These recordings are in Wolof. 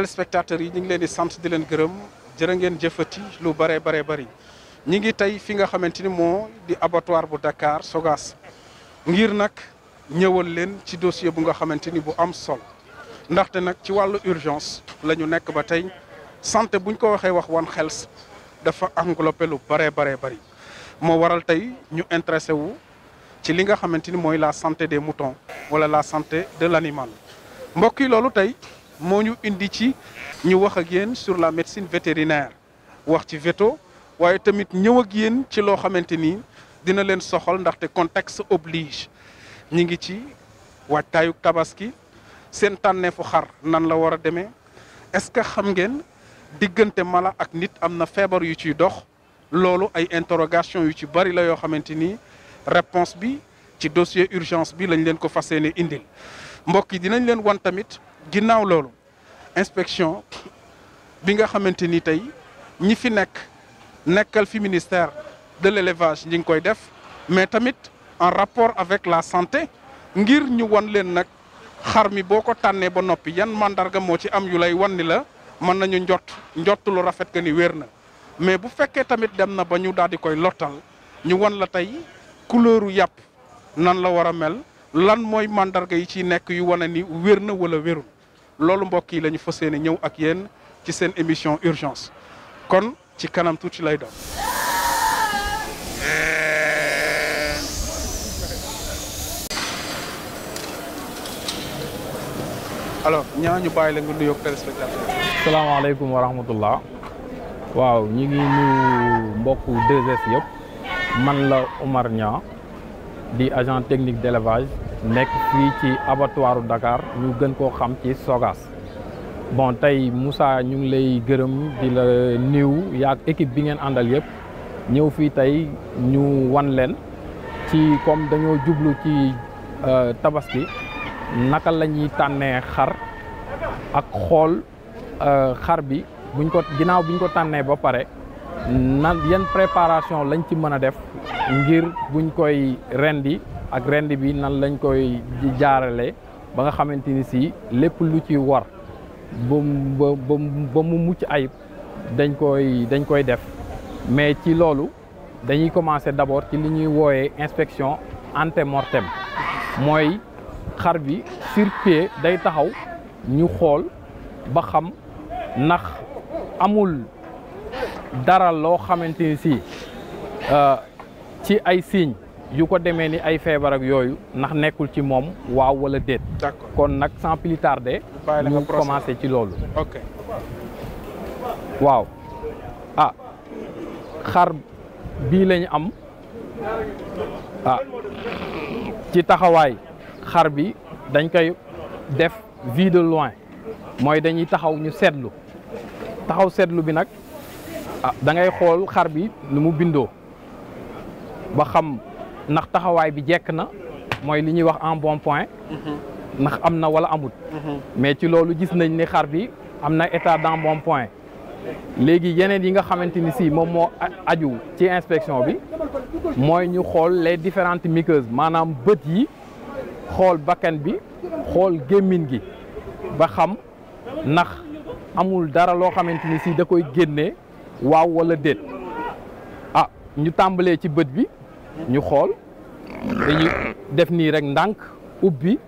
téléspectateurs yi ñu ngi leen di sant di leen gërëm jërë ngeen jëfati lu bare bare bari ñi ngi tey fi nga xamante ni moo di abattoir bu Dakar Sogas ngir nag ñëwal leen ci dossier bu nga xamante ni bu am sol ndaxte nag ci wàllu urgence la ñu nekk ba tey santé buñ ko waxee wax wan Health dafa englobé lu bare bare bari moo waral tey ñu intéressé wu ci li nga xamante ni mooy la santé des moutons wala la santé de l'animal mbokk loolu tey moo ñu indi ci ñu wax ak yéen sur la médecine vétérinaire wax ci veto waaye tamit ñëw ak yéen ci loo xamante ni dina leen soxal ndaxte contexte oblige ñi ngi ci waajtaayu tabaski seen tànneefu xar nan la war a demee est-ce que xam ngeen diggante mala ak nit am na feebar yu ciy dox loolu ay interrogation yu ci bari la yoo xamante ni réponse bi ci dossier urgence bi lañ leen ko fas yéene indil mbokk yi dinañ leen wan tamit. ginnaaw loolu inspection bi nga xamante ni tey ñi fi nekk nekkal fi ministère de l'élevage ñi ngi koy def mais tamit en rapport avec la santé ngir ñu wan leen nag xar mi boo ko tànnee ba noppi yan màndarga moo ci am yu lay wan ni la mën nañu njot njott lu rafet que ni wér na mais bu fekkee tamit dem na ba ñu daal di koy lottal ñu wan la tey couleuru yàpp nan la war a mel lan mooy màndarga yi ci nekk yu wane ni wér na wala wérul loolu mbokk yi la ñu fas yéene ñëw ak yéen ci seen émission urgence kon ci kanam tuuti lay doon. alors ñaa ñu bàyyi la nga nuyoog téléspectateur. salaamaaleykum wa rahmatullah waaw ñu ngi nuyu mbokku 2S yëpp man la Omar Niang. di agent technique d'élevage nekk fii ci abattoiru Dakar ñu gën koo xam ci Sogas bon tey Moussa ñu ngi lay gërëm di la niiw yaag équipe bi ngeen àndal yëpp ñëw fii tey ñu wan leen ci comme dañoo jublu ci euh, tabaski naka la ñuy tànnee xar ak xool euh, xar bi buñ ko ginnaaw biñ ko tànnee ba pare nan yan préparation lañ ci mën a def ngir buñ koy rendi ak rend bi nan lañ koy jaarale ba nga xamante ni si lépp lu ci war ba ba mu mucc ayib dañ koy dañ koy def mais ci loolu dañuy commencer d'abord ci li ñuy wooyee ante mortem mooy xar bi sur day taxaw ñu xool ba xam ndax amul dara loo xamante ni si euh, ci ay signes yu ko demee ni ay feebar ak yooyu ndax nekkul ci moom waaw wala déet. d'accord kon nag sans plus tarder. ñu commencé ci loolu. ok waaw a ah, xar bii lañu am ah ci taxawaay xar bi dañ koy def vue de loin mooy dañuy taxaw ñu seetlu taxaw seetlu bi nag. ah da ngay xool xar bi lu mu bindoo ba xam ndax taxawaay bi jekk na mooy li ñuy wax en bon point mm-hmm. ndax am na wala amut mm-hmm. mais ci loolu gis nañ ni xar bi am na état d'en bon point léegi yeneen yi nga xamante ni si moom moo aju ci inspection bi mooy ñu xool les différente muqueuses maanaam bët yi xool bakkan bi xool gémmiñ gi ba xam ndax amul dara loo xamante ni si da koy génnee waaw wala déet ah ñu tàmbalee ci bët bi ñu xool dañuy def nii rek ndànk ubbi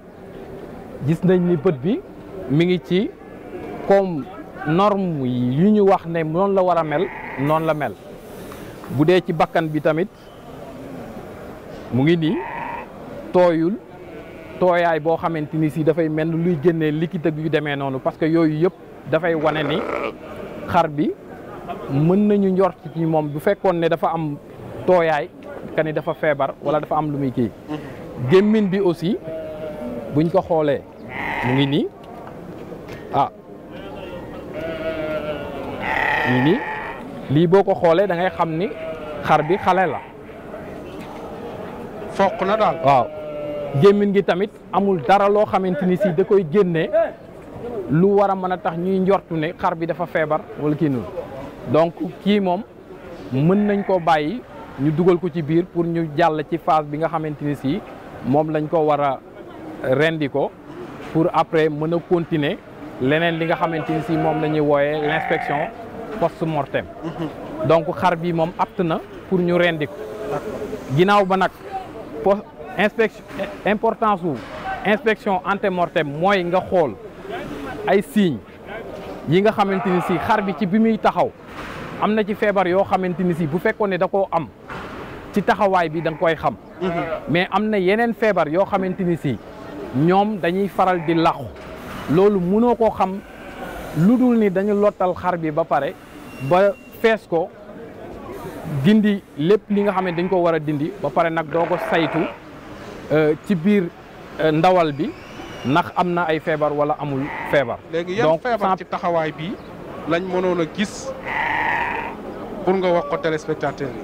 gis nañ ni bët bi mi ngi ci comme norme yi ñu wax ne noonu la war a mel noonu la mel bu dee ci bakkan bi tamit mu ngi nii tooyul tooyaay boo xamante ni si dafay mel luy génnee liquide yu demee noonu parce que yooyu yëpp dafay wane ni xar bi mën nañu njort ci moom bu fekkoon ne dafa am tooyaay ka ni dafa feebar wala dafa am lu muy kii mm-hmm. gémmiñ bi aussi buñ ko xoolee mu ngi nii ah mu ngi nii lii boo ko xoolee da ngay xam ni xar bi xale la foq na daal waaw gémmiñ gi tamit amul dara loo xamante ni si da koy génnee lu war a mën a tax ñuy njortu ne xar bi dafa feebar wala kii noonu donc kii moom mën nañ ko bàyyi ñu dugal ko ci biir pour ñu jàll ci phase bi nga xamante ni sii moom lañ ko war a rendi ko pour après mën a continuer leneen li nga xamante ni si moom la ñuy wooyee l' inspection post mortem. Mhm. donc xar bi moom apt na pour ñu rendi ko. ginnaaw ba nag post inspection importance ante mortem mooy nga xool ay signes yi nga xamante ni si xar bi ci bi muy taxaw. am na ci feebar yoo xamante ni si bu fekkoon ne da koo am ci taxawaay bi danga koy xam. mais am na yeneen feebar yoo xamante ni si ñoom dañuy faral di laxu loolu mënoo koo xam lu dul ni dañu lottal xar bi ba pare ba fees ko dindi lépp li nga xam ne dañ ko war a dindi ba pare nag doo ko saytu euh, ci biir euh, ndawal bi ndax am na ay feebar wala amul feebar. léegi yan feebar ci taxawaay bi lañ mënoon a gis. pour nga wax ko téléspectateur yi.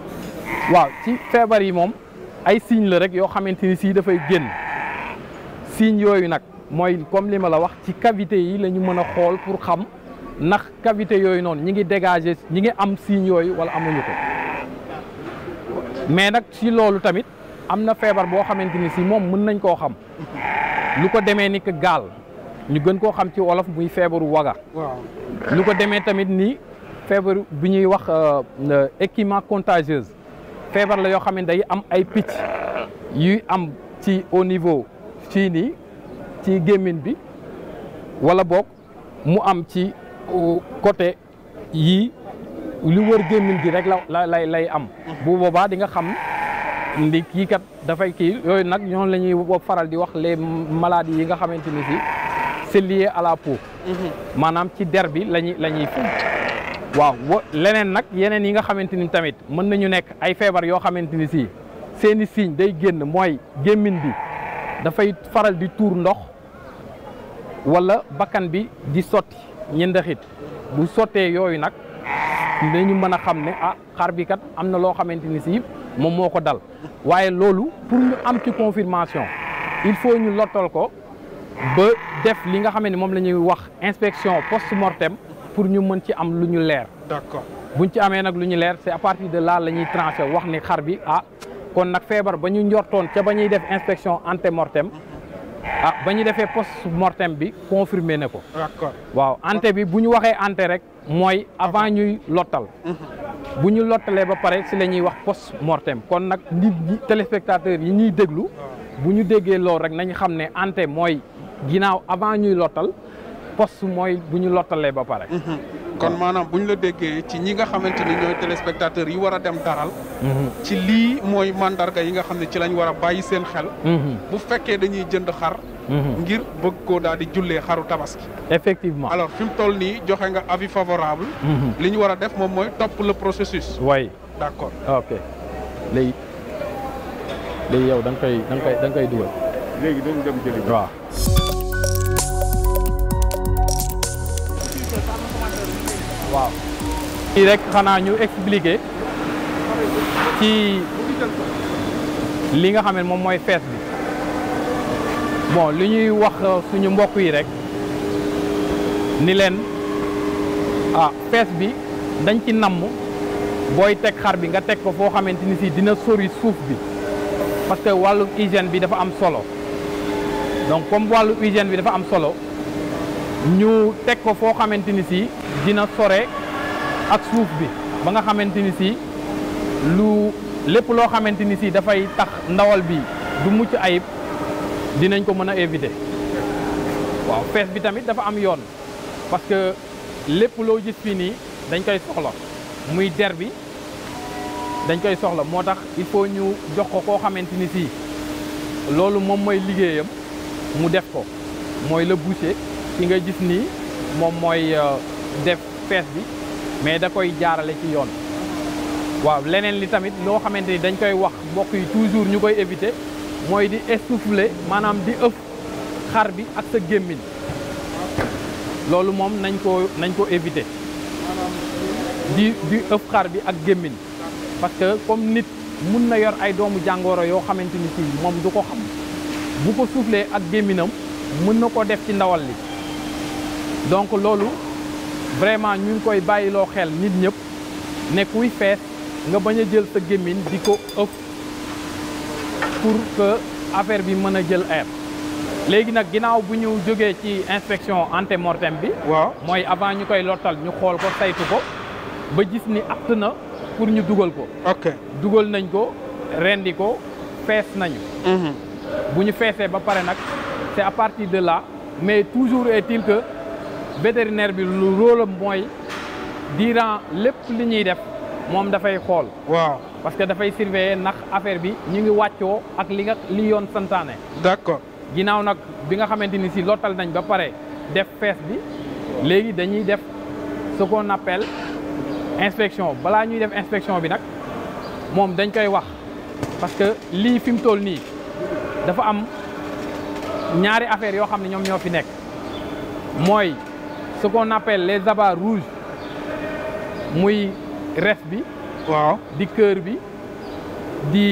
waaw ci feebar yi moom ay signes la rek yoo xamante ni si dafay génn signes yooyu nag mooy comme li ma la wax ci cavité yi la ñu mën a xool pour xam ndax cavité yooyu noonu ñi ngi dégager ñi ngi am signes yooyu wala amuñu ko mais nag si loolu tamit am na feebar boo xamante ni si moom mën nañ koo xam lu ko demee ni que gaal ñu gën koo xam ci wolof muy feebaru waga. lu ko demee tamit ni feebar bi ñuy wax euh, euh, équipement contagieuse feebar la yoo xam ne day am ay picc yuy am ci au niveau fii nii ci gémmiñ bi wala boog mu am ci euh, côté yii lu wër gémmiñ gi rek la lay lay am bu boobaa di nga xam ndi kii kat dafay kii yooyu nag ñoom la ñuy faral di wax les maladies yi nga xamante ni si c'est à la peau mm-hmm. maanaam ci der bi lañuy la ñuy waaw leneen nag yeneen yi nga xamante ni tamit mën nañu nekk ay feebar yoo xamante ni si seeni signe day génn mooy gémmiñ bi dafay faral di tuur ndox wala bakkan bi di sotti ñendaxit bu sottee yooyu nag dañu mën a xam ne ah xar kat am na loo xamante ni si moom moo ko dal waaye loolu pour ñu am ci confirmation il faut ñu lottal ko ba def li nga xam ne moom la ñuy wax inspection post mortem pour ñu mën ci am lu ñu leer. bu buñ ci amee nag lu ñu leer c'est à partir de là la ñuy tranché wax ni xar bi ah kon nag feebar ba ñu njortoon ca ba ñuy def inspection antémortem ah ba ñu defee post mortem bi confirmé ne ko. d'accord waaw ante bi bu ñu waxee ante rek mooy avant ñuy lottal. Mhm. bu ñu lottalee ba pare si la ñuy wax post mortem kon nag nit ñi téléspectateurs yi ñuy déglu. bu ñu déggee loolu rek nañu xam ne ante mooy ginnaaw avant ñuy lottal. poste mooy bu ñu lottalee ba pare. Mhm. kon maanaam bu ñu la déggee ci ñi nga xamante ni ñooy téléspectateurs yi war a dem daral mhm. ci lii mooy mandarga yi nga xam ne ci lañ war a bàyyi seen xel. Mhm. bu fekkee dañuy jënd xar. ngir bëgg koo daal di jullee xaru tabaski. effectivement alors fi mu toll nii joxe nga avis favorable. li ñu war a def moom mooy topp la processus. way d' accord ok léegi léegi yow da nga koy da koy da koy dugal. léegi dañu dem jëli waaw fii rek xanaa ñu expliquer ci li nga xam ne moom mooy fees bi bon lu ñuy wax euh, suñu mbokk yi rek ni leen ah fees bi dañ ci namm booy teg xar bi nga teg ko foo xamante ni si dina sori suuf bi parce que wàllu hygiène bi dafa am solo donc comme wàllu hygiène bi dafa am solo ñu teg ko foo xamante ni si dina sore ak suuf bi ba nga xamante ni si lu lépp loo xamante ni si dafay tax ndawal bi du mucc ayib dinañ ko mën a éviter waaw fees bi tamit dafa am yoon parce que lépp loo gis fii nii dañ koy soxla muy der bi dañ koy soxla moo tax il faut ñu jox ko koo xamante ni si loolu moom mooy liggéeyam mu def ko mooy le boucher ki nga gis nii moom mooy euh, def fees bi mais da koy jaarale ci yoon waaw leneen li tamit loo xamante ni dañ koy wax mbokk yi toujours ñu koy éviter mooy di essouffler maanaam di ëpp xar bi ak sa gémmiñ loolu moom nañ ko nañ ko éviter di di xar bi ak gémmiñ parce que comme nit mun na yor ay doomu jàngoro yoo xamante ni si moom du ko xam bu ko souffler ak gémmiñam mën na ko def ci ndawal li donc loolu vraiment ñu ngi koy bàyyiloo xel nit ñëpp ne kuy fees nga bañ a jël sa gémmiñ di ko ëpp pour que affaire bi mën a jël air léegi nag ginnaaw bu ñu jógee ci inspection antemortem bi. waaw mooy avant ñu koy lottal ñu xool ko saytu ko ba gis ni àtt na pour ñu dugal ko. ok dugal nañ ko rendi ko fees nañu. Mhm. bu ñu feesee ba pare nag c'est de là mais toujours est-il vétérinaire bi lu rôle am mooy durant lépp li ñuy def moom dafay xool. waaw parce que dafay surveiller ndax affaire bi ñu ngi wàccoo ak li nga li yoon santaane. d'accord ginnaaw nag bi nga xamante ni si lottal nañ ba pare def fees bi léegi dañuy def ce qu'on appelle inspection balaa ñuy def inspection bi nag moom dañ koy wax parce que lii fi mu toll nii dafa am ñaari affaire yoo xam ne ñoom ñoo fi nekk mooy. ce qu'on appelle les abats rouges muy res bi. waaw di kër bi di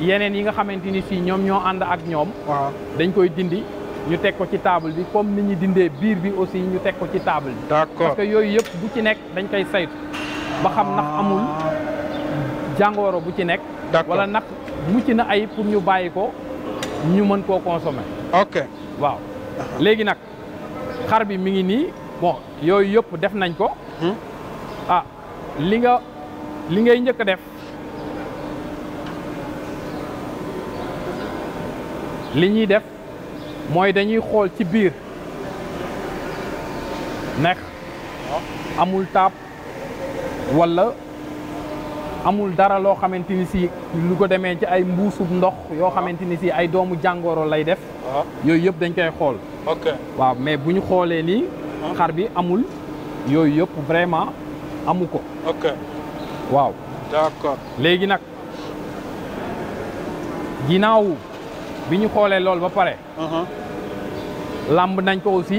yeneen yi nga xamante ni si ñoom ñoo ànd ak ñoom. waaw dañ koy dindi ñu teg ko ci table bi comme ni ñu dindee biir bi aussi ñu teg ko ci table bi. d'accord parce yooyu yëpp bu ci nekk dañ koy saytu ba xam ndax ah. amul jàngoro bu ci nekk. wala nag mucc na ay pour ñu bàyyi ko ñu mën koo consommer. ok waaw léegi nag xar bi mi ngi nii. bon yooyu yëpp def nañ ko. Hmm? a ah, li nga li ngay njëkk a def li ñuy def mooy dañuy xool ci biir nekk amul taab walla amul dara loo xamante ni si lu ko demee ci ay mbuusub ndox yoo xamante ni si ay doomu jàngoro lay def. Ah. yooyu yëpp dañ koy xool. waaw mais bu xoolee nii. xar bi amul yooyu yëpp vraiment amu ko. waaw. d'accord léegi nag ginnaaw bi ñu xoolee loolu ba pare. Uh-huh. làmb nañ ko aussi.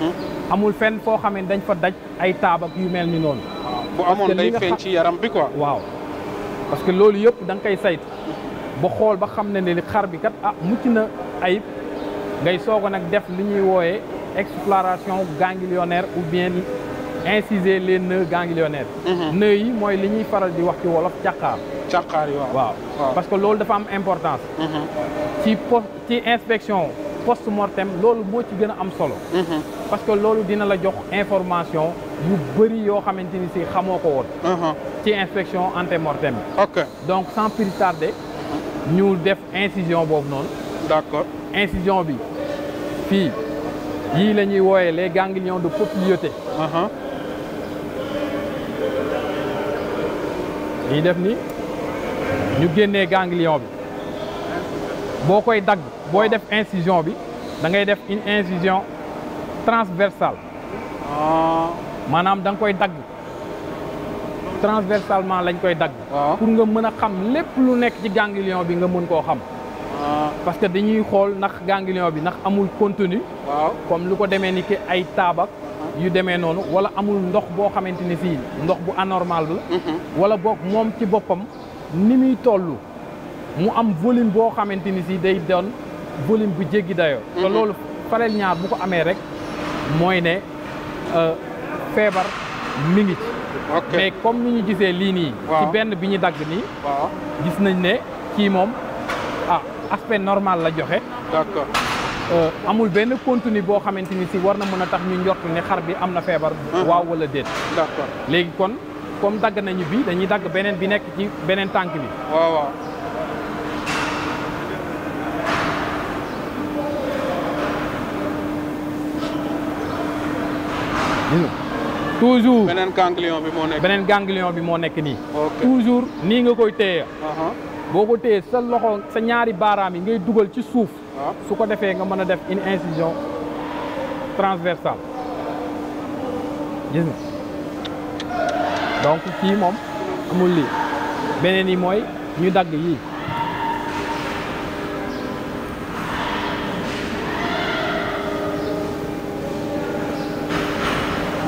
Uh-huh. amul fenn foo xam ne dañ fa daj ay taabak yu mel ni noonu. Ah, bu amoon day feeñ ci yaram bi ko waaw parce que loolu yëpp da nga koy saytu. Uh-huh. ba xool ba xam ne ne bi kat ah mucc na ayib ngay soog a nag def li ñuy wooyee. exploration ganglionnaire ou bien inciser les nœuds ganglionnaires. Mhm. nœuds yi mooy li ñuy faral di wax ci wolof càqaar. càqaar waaw waaw parce que loolu dafa am importance. Mhm. ci po ci inspection post mortem loolu moo ci gën a am solo. Mhm. parce que loolu dina la jox information yu bëri yoo xamante ni si xamoo ko woon. ci inspection ante mortem bi. donc sans plus tarder ñu def incision boobu noonu. d'accord incision bi fii. yii la ñuy wooyee les ganglions de Poplioté. Uh-huh. lii def ni ñu génnee ganglion bi boo koy dagg booy def incision bi da ngay def une incision transversale uh-huh. maanaam danga nga koy dagg transversalement lañ koy dagg uh-huh. pour nga mën a xam lépp lu nekk ci ganglion bi nga mën koo xam Euh, parce que dañuy xool ndax ganglion bi ndax amul kontinu waaw comme lu ko demee ni ki ay taabak yu demee noonu wala amul ndox boo xamante ni fii ndox bu anormal la. Mhm. wala boog moom ci boppam ni muy toll mu am volume boo xamante ni si day doon volume bu jéggi dayoo. Mhm. te loolu pareel ñaar bu ko amee rek mooy ne euh, feebar mi ngi ci. mais comme ni lii nii. ci benn bi ñu dagg nii. nañ ne kii moom. aspect normal la joxe. Euh, amul benn contenu boo xamante ni si war na mën a tax ñu njort ni xar bi am na feebar. waaw wala déet. léegi kon comme dagg nañu bi dañuy dagg beneen bi nekk ci beneen tànk bi. waaw waaw. toujours beneen ganglion bi moo nekk. beneen ganglion bi moo nekk nii. toujours nii nga koy téye. Uh-huh. boo ko téyee sa loxo sa ñaari baaraam yi ngay dugal ci suuf ah. su ko defee nga mën a def une incision transversale gis nga donc fii moom amul lii beneen yi mooy ñu dagg yii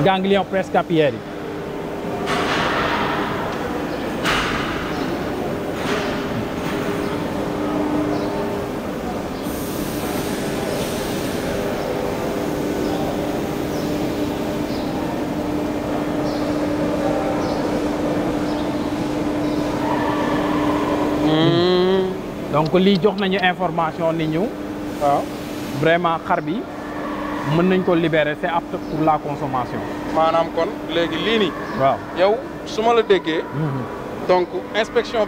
ganglion prescapiaire yi donc lii jox nañu information ni ñu vraiment xar bi mën nañ ko libérer c'est apte pour la consommation. maanaam kon léegi lii waaw yow su ma la déggee. Mhm. donc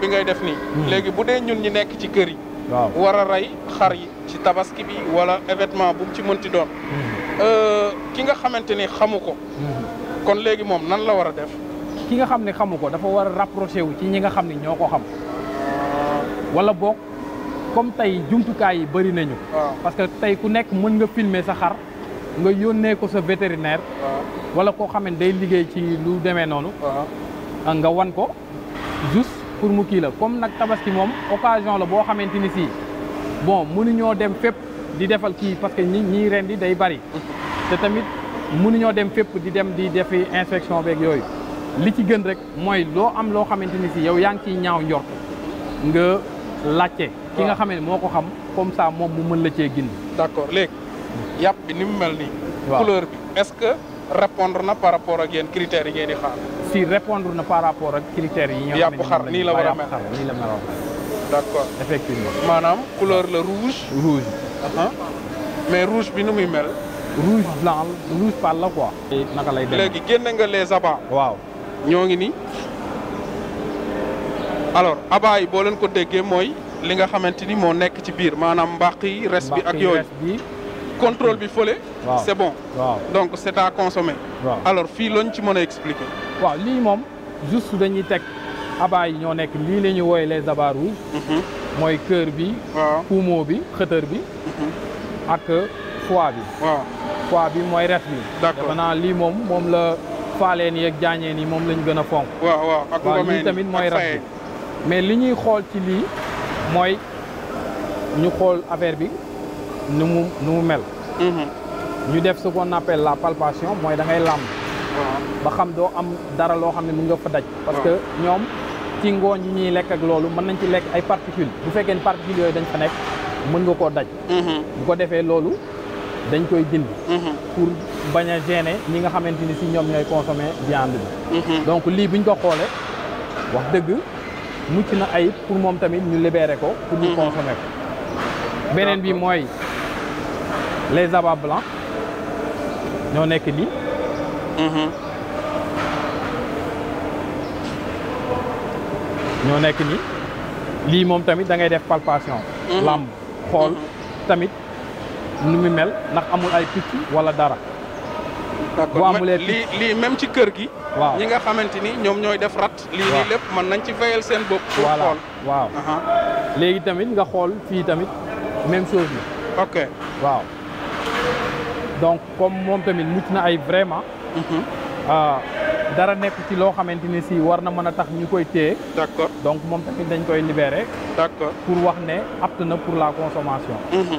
bi ngay def nii. Mhm. léegi bu dee ñun ñi nekk ci kër yi. waaw war a rey xar yi ci tabaski bi wala événement bu mu ci mënti doon. Mhm. Euh, ki nga xamante ni xamu ko. kon léegi moom nan la war a def. ki nga xam ne xamu ko dafa war a rapproché wu ci ñi nga xam ne ñoo ko xam. Euh. wala boog comme tey jumtukaay yi bëri nañu. parce que tey ku nekk mën nga filmer sa xar nga yónnee ko sa vétérinaire. wala koo xam ne day liggéey ci lu demee noonu. nga wan ko juste pour mu kii la comme nag tabaski moom occasion la boo xamante ni si bon mënuñoo dem fépp di defal kii parce que ñi ren di day bëri. te tamit mënuñoo dem fépp di dem di defi inspection beeg yooyu li ci gën rek mooy loo am loo xamante ni si yow yaa ngi ciy ñaaw njort laajte ki nga xame ne moo ko xam comme ça moom mu mën la cee gindi d'accord léegi yàpp ni mu mel nii couleur bi est-ce que répondre na par rapport ak yéen critères yi ngeen di xaar si répondre na par rapport ak critères yi ñoo yàpp xar nii la war a mel nii la mel d'accord effectivement maanaam couleur la rouge rouge uh-huh. mais rouge bi nu muy mel rouge blanc rouge pâle la quoi naka lay demee léegi génne nga les abats waaw ñoo ngi nii alors abaay boo leen ko déggee mooy li nga xamante ni moo nekk ci biir maanaam mbàq yi res bi ak yooyu contrôle bi fële c'est bon donc c'est à consommer alors fii lañ ci mën a expliquer waa lii moom juste dañuy teg abaay yi ñoo nekk lii la ñu wooye les abats mhm. mooy cœur bi poumon bi xëtër bi mhm. ak foie bi foie bi mooy res bi dafa naa lii moom moom la faaleen yi ak jaañeen yi moom lañ gën a fonk waaw waaw ak lii mooy res mais li ñuy xool ci lii mooy ñu xool affaire bi nu mu nu mu mel. Mhm. ñu def ce qu'on appelle la palpation mooy da ngay làmb. ba xam doo am dara loo xam ne mën nga ko daj. parce que ñoom ci ngooñ yi ñuy lekk ak loolu mën nañ ci lekk ay particules bu fekkee ne particules yooyu dañ fa nekk mën nga koo daj. Mhm. bu ko defee loolu dañ koy dindi. Mhm. pour bañ a gêner ñi nga xamante ni si ñoom ñooy consommer viande bi. donc lii buñ ko xoolee wax dëgg. mucc na ay pour moom tamit ñu libéré ko. pour ñu mhm. consommer ko. beneen bi mooy les abats blancs ñoo nekk nii. Mhm. ñoo nekk nii lii moom tamit da ngay def palpation. Mhm. làmb xool tamit nu mu mel ndax amul ay picc walla dara. bu amulee lii lii même ci kër gi. waaw ñi nga xamante ni ñoom ñooy def rat. lii nii lépp mën nañ ci fayal seen bopp. pour xool waaw léegi tamit nga xool fii tamit même chose la. ok waaw. donc comme moom tamit mucc na ay vraiment. Mhm. Ah, dara nekk ci loo xamante ni si war na mën a tax ñu koy téye. d'accord donc moom tamit dañ koy libérer. d'accord pour wax ne apt na pour la consommation. Mhm.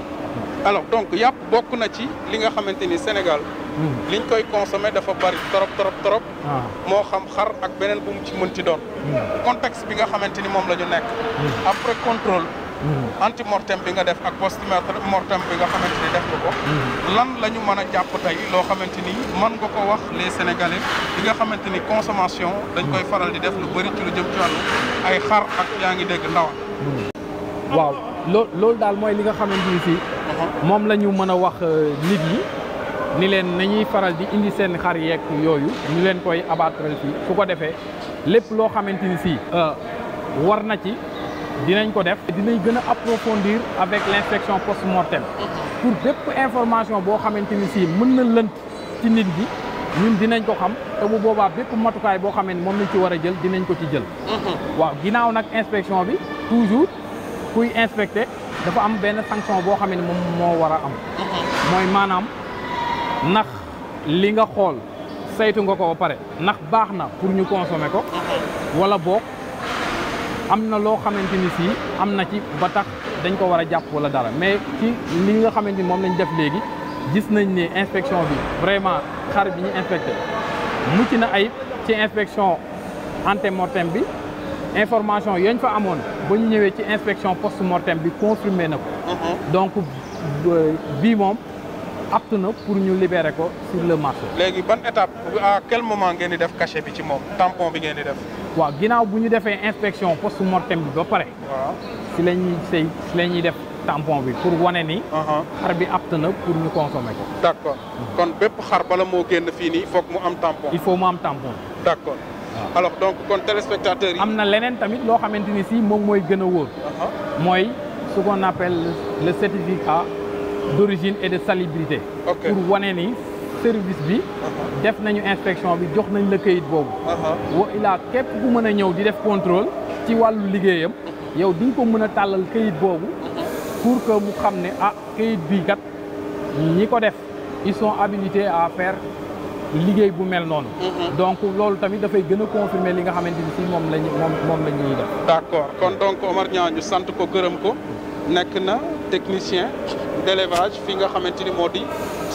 alors donc yàpp bokk na ci li nga xamante ni Sénégal. Mm. liñ koy consommé dafa bari trop trop trop. Ah. moo xam xar ak beneen bu mu ci mënti doon. Mm. contexte bi nga xamante ni moom la ñu nekk. Mm. après contrôle. anti mortem bi nga def ak post mortem bi nga xamante ni def nga ko. lan la ñu mën a jàpp tey loo xamante ni mën nga ko wax les sénégalais bi nga xamante ni consommation dañ koy faral di def lu bëri ci lu jëm ci wàllu ay xar ak yaa ngi dégg ndaw. waaw loolu daal mooy li nga xamante ni fii. Uh-huh. moom la ñu mën a wax euh, nit yi. ni leen nañuy faral di indi seen xar yeeg yooyu ñu leen koy abattre fii su ko defee lépp loo xamante ni si euh, war na ci dinañ ko def dinañ gën a approfondir avec l'inspection post-mortem pour bépp information boo xamante ni si mën na lënt ci nit gi ñun dinañ ko xam te bu boobaa bépp matukaay boo xamee ne moom lañ ci war a jël dinañ ko ci jël mm-hmm. waaw ginnaaw nag inspection bi toujours kuy inspecté dafa am benn sanction boo xamee ne moom moo war a am mm-hmm. mooy maanaam ndax li nga xool saytu nga ko ba pare ndax baax na pour ñu consommer ko wala boog am na loo xamante ni sii am na ci ba tax dañ ko war a jàpp wala dara mais ci li nga xamante ni moom lañ def léegi gis nañ ne inspection bi vraiment xar bi ñu inspecté mucc na ayib ci inspection antemortem bi information yañ fa amoon ba ñu ñëwee ci inspection post mortem bi confirmé na ko uh-huh. donc euh, bii moom apte na pour ñu libeere ko sur le marché. léegi ban étape à quel moment ngeen di def cachet bi ci moom tampon bi ngeen di def. waaw ginnaaw bu ñu defee inspection post mortem bi ba pare. si la ñuy sëy si la ñuy def tampon bi pour wane ni. Uh-huh. xar bi apte na pour ñu consommer ko. d' kon bépp xar bala moo génn fii nii foog mu am tampon. il faut mu am tampon. d' accord alors donc kon téléspectateurs yi. am na leneen tamit loo xamante ni si moom mooy gën a wóor. Uh-huh. mooy ce qu'on appelle le d'origine et de salubrité okay. pour wane ni service bi uh-huh. def nañu inspection bi jox nañ la këyit boobu uh-huh. wo ilaa képp bu mën a ñëw di def contrôle ci wàllu liggéeyam uh-huh. yow di ko mën a tàllal këyit boobu pour que mu xam ne ah këyit bi kat ñi ko def ils sont habilités à faire liggéey bu mel noonu. donc loolu tamit dafay gën a confirmer li nga xamante ni si moom lañu moom moom la ñuy def. d'accord kon donc Omar Niang sant ko gërëm ko nekk na technicien. d'élevage fi nga xamante ni moo di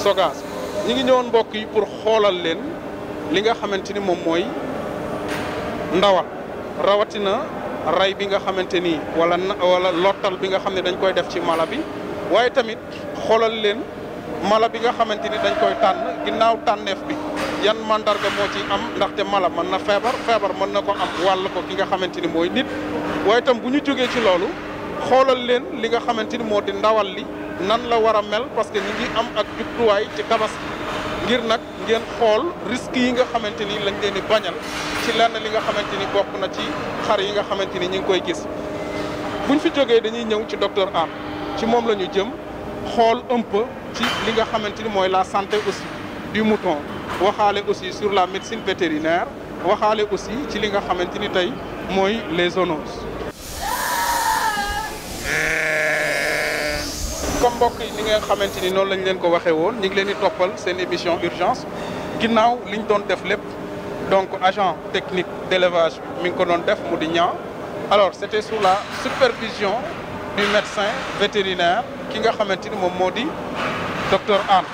Sogas ñi ngi ñëwoon mbokk yi pour xoolal leen li nga xamante ni moom mooy ndawal rawatina ray bi nga xamante ni wala wala lottal bi nga xam ne dañ koy def ci mala bi waaye tamit xoolal leen mala bi nga xamante ni dañ koy tànn ginnaaw tànneef bi yan mandarga moo ci am ndaxte mala mën na feebar feebar mën na ko am wàll ko ki nga xamante ni mooy nit waaye tam bu ñu jógee ci loolu xoolal leen li nga xamante ni moo di ndawal li nan la war a mel parce que ñi ngi am ak jubluwaay ci tabaski ngir nag ngeen xool risque yi nga xamante ni lañ leen di bañal ci lenn li nga xamante ni bokk na ci xar yi nga xamante ni ñu ngi koy gis buñ fi jógee dañuy ñëw ci docteur Anne ci moom la ñu jëm xool un ci li nga xamante ni mooy la santé aussi du mouton waxaale aussi sur la médecine vétérinaire waxaale aussi ci li nga xamante ni tey mooy les zoonoses comme mbokk yi ni nga xamante ni noonu lañ leen ko waxee woon ñu ngi leen di toppal seen émission urgence ginnaaw ñu doon def lépp donc agent technique d'élevage mi ngi ko doon def mu di ñaa alors c'était sous la supervision du médecin vétérinaire ki nga xamante ni moom moo di docteur Anne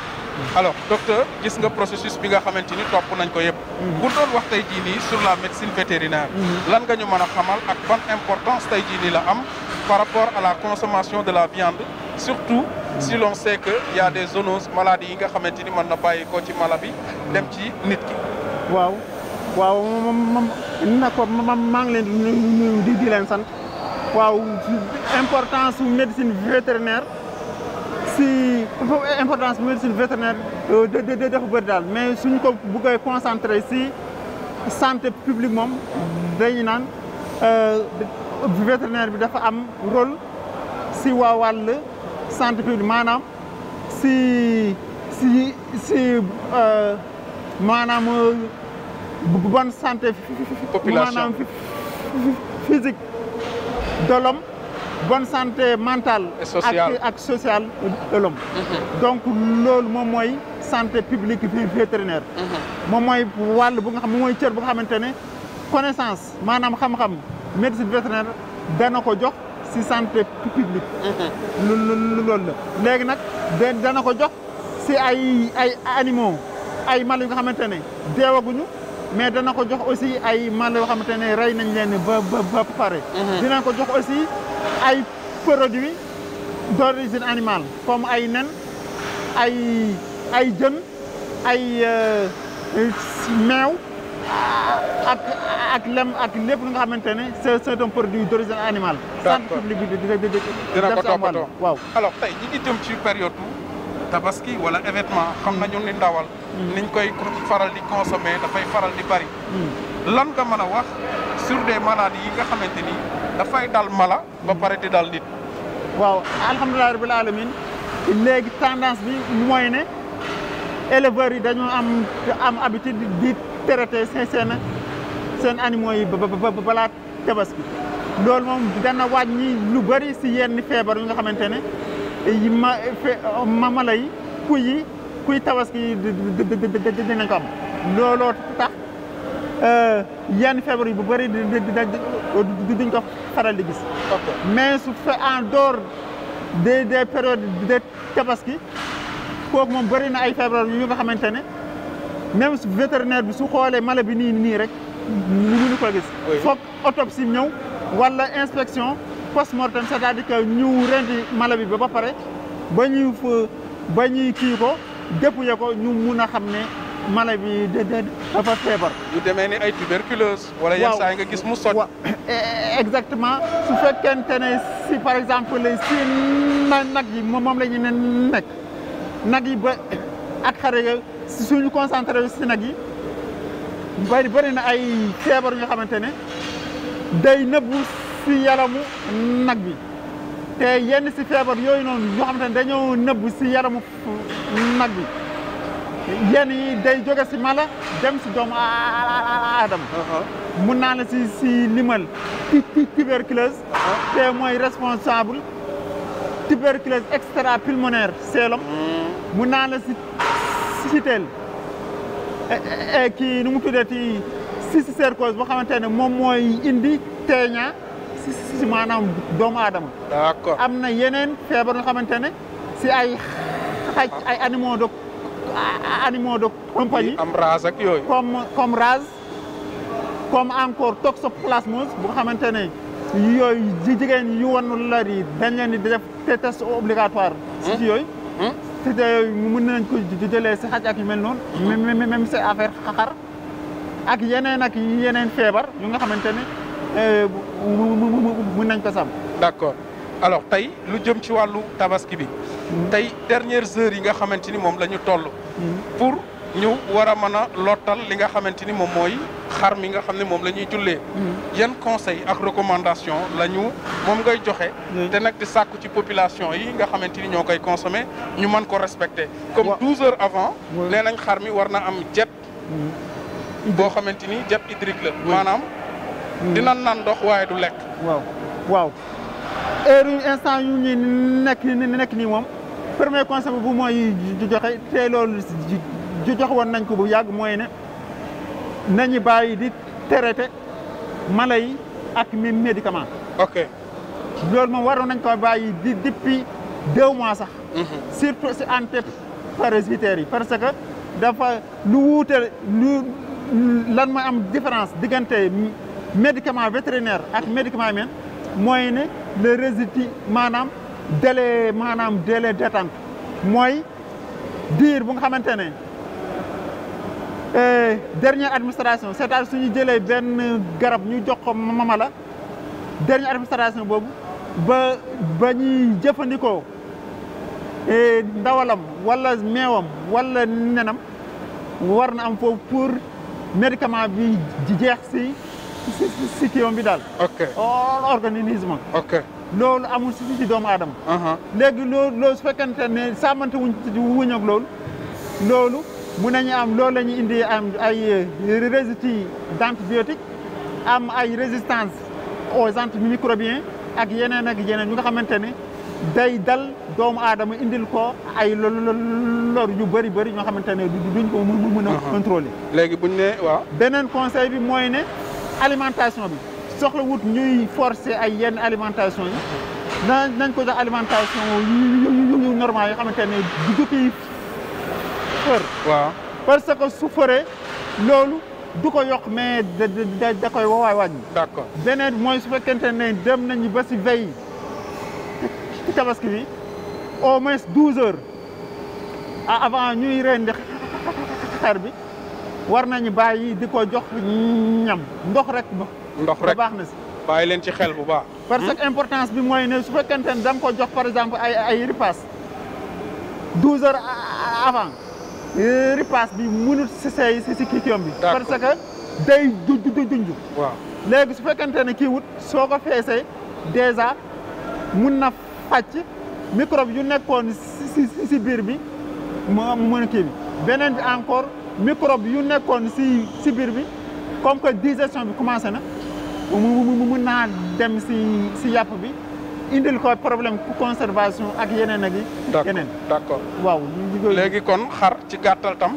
alors docteur gis nga processus bi nga xamante ni topp nañ ko yëpp mm-hmm. bu doon wax tey jii nii sur la médecine vétérinaire mm-hmm. lan nga ñu mën a xamal ak ban importance tey jii nii la am par rapport à la consommation de la viande surtout si l'on sait que y a des zoonoses maladies yi nga xamante ni man na bàyyi ko ci mala bi dem ci nit ki. waaw waaw moom moom maa ngi leen di nuyu sant. waaw importance médecine vétérinaire si importance médecine vétérinaire euh, dafa bëri daal mais suñ ko bëggee concentré si santé publique moom dañu naan euh, vétérinaire bi dafa am rôle. si waa wàll santé publique maanaam si si si euh, maanaam euh, bonne santé. population maanaam physique de l'homme bonne santé mentale. ak social de mm-hmm. donc loolu moom mooy santé publique vétérinaire. Mm-hmm. moom mooy wàll bu nga xam moom mooy cër bu nga xamante ne connaissance maanaam xam-xam médecine vétérinaire dana ko jox. si santé publique. lu lu lu loolu la. léegi nag dana ko jox si ay ay animaux ay mal yu nga xamante ne deewaguñu mais dana ko jox aussi ay mal yoo xamante ne rey nañ leen ba ba ba pare. dina ko jox aussi ay produits d'origine animale comme ay nen ay ay jën ay euh, euh, meew. ak ak lem ak lépp lu nga xamante ne c'est c'est un produit d'origine animale. d'accord sant bi dina dina dina ko toppatoo waaw. alors tey ñi ngi jëm ci période tabaski wala événement xam nañu ni ndawal. Hmm. niñ koy faral di consommer dafay faral di bari. Hmm. lan nga mën a wax sur des maladies yi nga xamante ni dafay dal mala. ba hmm. pare di dal nit. waaw alhamdulilah rabbil alamin léegi tendance bi mooy ne éleveurs yi dañoo am am habitude di. traité seen seen animaux yi ba balaa tabaski loolu moom dana wàññi lu bëri si yenn feebar yu nga xamante ne yi ma ma mala yi kuy yi kuy tabaski yi dinañ ko am euh, yenn feebar yi bu bëri duñ ko faral di gis. mais su fe en dehors des des tabaski kooku moom bëri na ay feebar yu nga xamante ne. même su vétérinaire bi su xoolee mala bi nii nii rek ñu mënu ko gis. foog autopsie ñëw wala inspection post-mortem à ñu rendi mala bi ba pare ba ñuy ba ñu kii ko dépouiller ko ñu mun a xam ne mala bi déedéet dafa feebar. yu demee ni ay tuberculose. wala yenn saa nga gis mu sot e, e, exactement su fekkente ne si par exemple si nag yi moom la ñu ne nekk nag yi ba ak xare si suñu concentré wu si nag yi bari bëri na ay feebar nga xamante ne day nëbbu si yaramu nag bi te yenn si feebar yooyu noonu ñoo xamante ne dañoo nëbbu si yaramu nag bi yenn yi day joge si mala dem si doomu aadama uh-huh. mun naa la si si limal tuberculose uh-huh. te mooy responsable tuberculose extra pulmonaire seelam mm. mun naa la si susciteel eh, eh, eh, kii nu mu tuddati cysticercose boo xamante ne moom mooy indi teeña si si maanaam doomu aadama. d'accord am na yeneen feebar nga xamante ne si ay xaj ay animaux de animaux de compagnie. yooyu. comme comme comme encore toxoplasmose bu nga xamante ne yooyu jigéen yu wanul la yi dañ leen di def test obligatoire. si hmm? yooyu. Hmm? sida yooyu nañ ko jëlee si xaj ak yu mel noonu. même si affaire xar ak yeneen ak yeneen feebar yu nga xamante ni euh, mën nañ ko sàmm. d'accord alors tey lu jëm ci wàllu tabaski bi. Hmm. tey dernières heures yi nga xamante ni moom la ñu toll. Hmm. ñu war a a lottal li nga xamante ni moom mooy xar mi nga xam ne moom la ñuy jullee mhm. yan conseil ak recommandation la ñu moom ngay joxe te nag di sàkku ci population yi nga xamante ni ñoo koy consommé ñu man ko respecté comme douze heures avant nee nañ xar mi war na am jet mhm. boo xamante ni jet hydrique la maanaam mhm. dina naan ndox waaye du lekk waaw waaw heure yu instant jox woon nañ ko bu yàgg mooy ne nañu bàyyi di traité mala yi ak mi médicament. ok loolu moom waroon nañ ko bàyyi di depuis deux mois sax. Mhm. surtout si antiparasitaires yi parce que dafa lu wuute lu lan mooy am différence diggante médicament vétérinaire ak médicament humain mooy ne le résidu maanaam délai maanaam délai d'attente mooy diir bu nga xamante ne. Eh, dernière administration c'est-à-dire jëlee benn garab ñu jox ko mama la administration boobu ba ba ñuy jëfandikoo eh, ndawalam wala meewam wala nenam war na am foofu pour médicament bi jeex si si kiiwam bi daal. ok organisme. ok loolu amul si si doomu aadama. Uh-huh. léegi loolu loolu su fekkente ne sàmmante wuñ wuñ ak loolu loolu. mun nañu am loolu la ñu indi am ay euh, résidus d' antibiotiques am ay résistance aux antimicrobiens ak yeneen ak yeneen ñu nga xamante ne day dal doomu aadama indil ko ay lor yu bëri bëri ñoo xamante ne duñ ko mën a uh-huh. contrôler léegi buñ ne waaw beneen conseil bi mooy ne alimentation bi soxla wut ñuy forcer ay yenn alimentation yi na nañ ko jox alimentation yu normal yoo xamante ne du waaw parce que su fëree loolu du ko yokk mais da da koy waay wàññi. d'accord beneen mooy su fekkente ne dem nañu ba si veille ci tabaski bi au moins douze heures avant ñuy rendi xar bi war nañu bàyyi di ko jox ñam ndox rek ba. ndox rek baax na si. bàyyi leen ci xel bu baax. parce hmm? que importance bi mooy ne su fekkente ne da nga ko jox par exemple ay ay ripaas douze heures avant. Euh, ripaas bi mënut si seey si si kiikiom bi parce que day du junj waaw léegi su fekkente ne kii wut soo ko feesee dèjà mun na fàcc microbe yu nekkoon si si biir bi mu mën beneen bi encore microbe yu nekkoon si si biir bi comme que digestion bi commencé na mu mun naa dem si si yàpp bi indil ko problème conservation ak yeneen ak yi. yeneen d'accord waaw. léegi kon xar ci gàttal tam.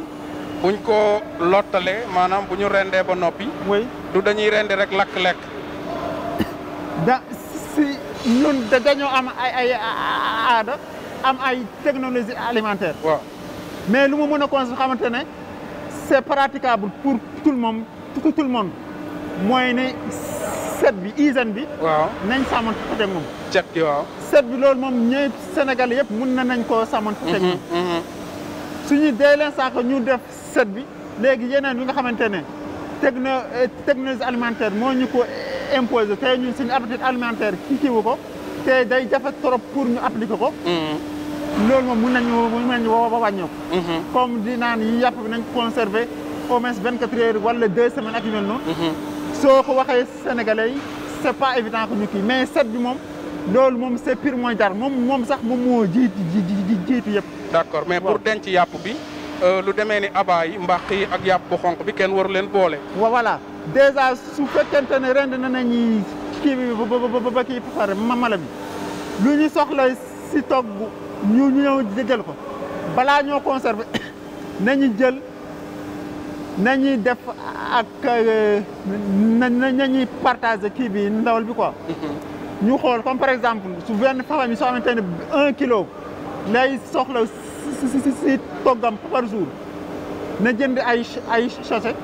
buñ ko lottalee maanaam bu ñu rendee ba noppi. oui du dañuy rendi rek lakk lekk. da si ñun da am ay ay am ay technologie alimentaire. waaw mais lu mu mën a cons xamante ne c'est praticable pour tout le moom tout le set bi hygiène bi. waaw nañ sàmmanteeg moom. set bi waaw. set bi loolu moom ñooy Sénégal yëpp mun na nañ koo sàmmanteeg moom. Mm-hmm, mm-hmm. suñu dee leen saako ñu def set bi léegi yeneen bi nga xamante ne techno eh, technologie alimentaire moo ñu ko imposé te ñun suñu habitude alimentaire kii kiiwu ko te day jafe trop pour ñu appliquer ko. Mm-hmm. loolu moom mun nañu mun nañu woo ba wàññeeku. comme di naan yi yàpp bi nañ conserver au moins vingt quatre heures wala deux semaines ak yu mel noonu. soo ko waxee sénégalais yi c'est pas évident que ñu kii mais set bi moom loolu moom c'est pire mooy jar moom moom sax moom moo jiitu ji jiitu yëpp. d'accord mais pour denc yàpp bi euh, lu demee ni abaa yi mbaq yi ak yàpp bu xonq bi kenn waru leen boole. wa voilà déjà su fekkente ne rend na nañu kii bi ba ba ba kii pare mala bi lu ñu soxla si togg ñu ñu ñëw jël ko balaa ñoo conserver nañu jël. na nañuy def ak euh, nañuy partager kii bi ndawal bi quoi. Mhm. ñu xool comme par exemple su benn famille soo xamante ne un kilo lay soxla si toggam par jour na jënd ay ay sachet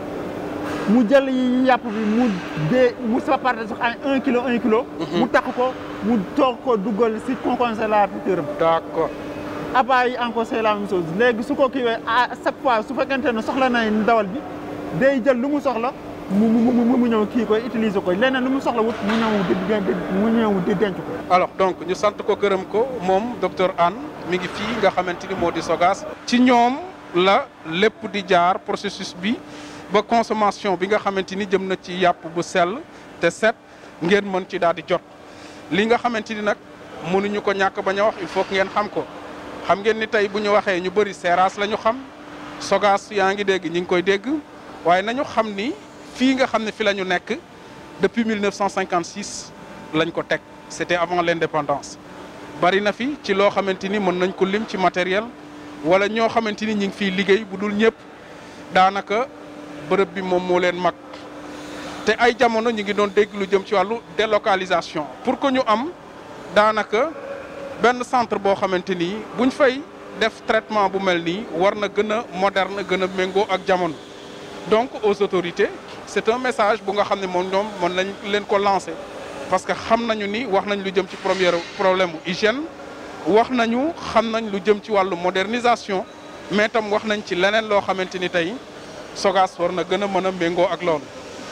mu jël yàpp bi mu dee mu sa partage ay un kilo un kilo. Mhm. mu takk ko mu toog ko dugal si congélateur am. d'accord. abaa yi encore c'est la même chose léegi su ko kiiwee à chaque fois su fekkente ne soxla na dawal bi day jël lu mu soxla mu mu mu ñëw kii koy utiliser ko leneen lu mu soxla wut mu ñëw di mu ñëw di denc ko. alors donc ñu sant ko gërëm ko moom docteur Anne mi ngi fii nga xamante ni moo di Sogas. ci ñoom la lépp di jaar processus bi ba consommation bi nga xamante ni jëm na ci yàpp bu sel te set ngeen mën ci daal di jot li nga xamante ni nag mënuñu ko ñàkk bañ a wax il faut ngeen xam ko. xam ngeen ni tey bu ñu waxee ñu bëri seeraas la ñu xam sogaas yaa ngi dégg ñi ngi koy dégg waaye nañu xam ni fii nga xam ne fi la ñu nekk depuis 1956 lañ ko teg c'était avant l'indépendance bari na fi ci loo xamante ni mën nañ ko lim ci matériel wala ñoo xamante ni ñi ngi fiy liggéey bu dul ñëpp daanaka bërëb bi moom moo leen mag te ay jamono ñu ngi doon dégg lu jëm ci wàllu délocalisation pour que ñu am daanaka benn centre boo xamante ni buñ fay def traitement bu mel nii war na gën a moderne gën a méngoo ak jamono donc aux autorités c'est un message bu nga xam ne moom ñoom mën nañ leen ko lancer parce que xam nañu ni wax nañ lu jëm ci premier problème mu hygiène wax nañu xam nañ lu jëm ci wàllu modernisation mais tam wax nañ ci leneen loo xamante ni tey Sogas war na gën a mën a méngoo ak loolu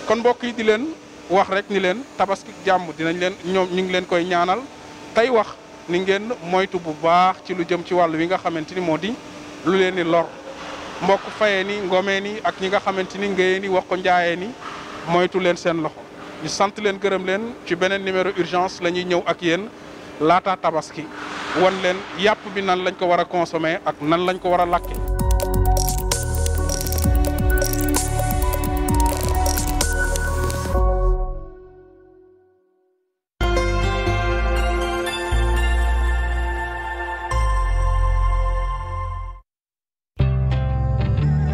kon mbokk yi di leen wax rek ni leen tabaski jàmm dinañ leen ñoom ñu ngi leen koy ñaanal tey wax. ni ngeen moytu bu baax ci lu jëm ci wàll wi nga xamante ni moo di lu leen di lor mbokk fayee ni ngomee ni ak ñi nga xamante ni ngayee ni wax ko njaayee ni moytu leen seen loxo ñu sant leen gërëm leen ci beneen numéro urgence la ñuy ñëw ak yéen laata tabaski wan leen yàpp bi nan lañ ko war a consommer ak nan lañ ko war a lakke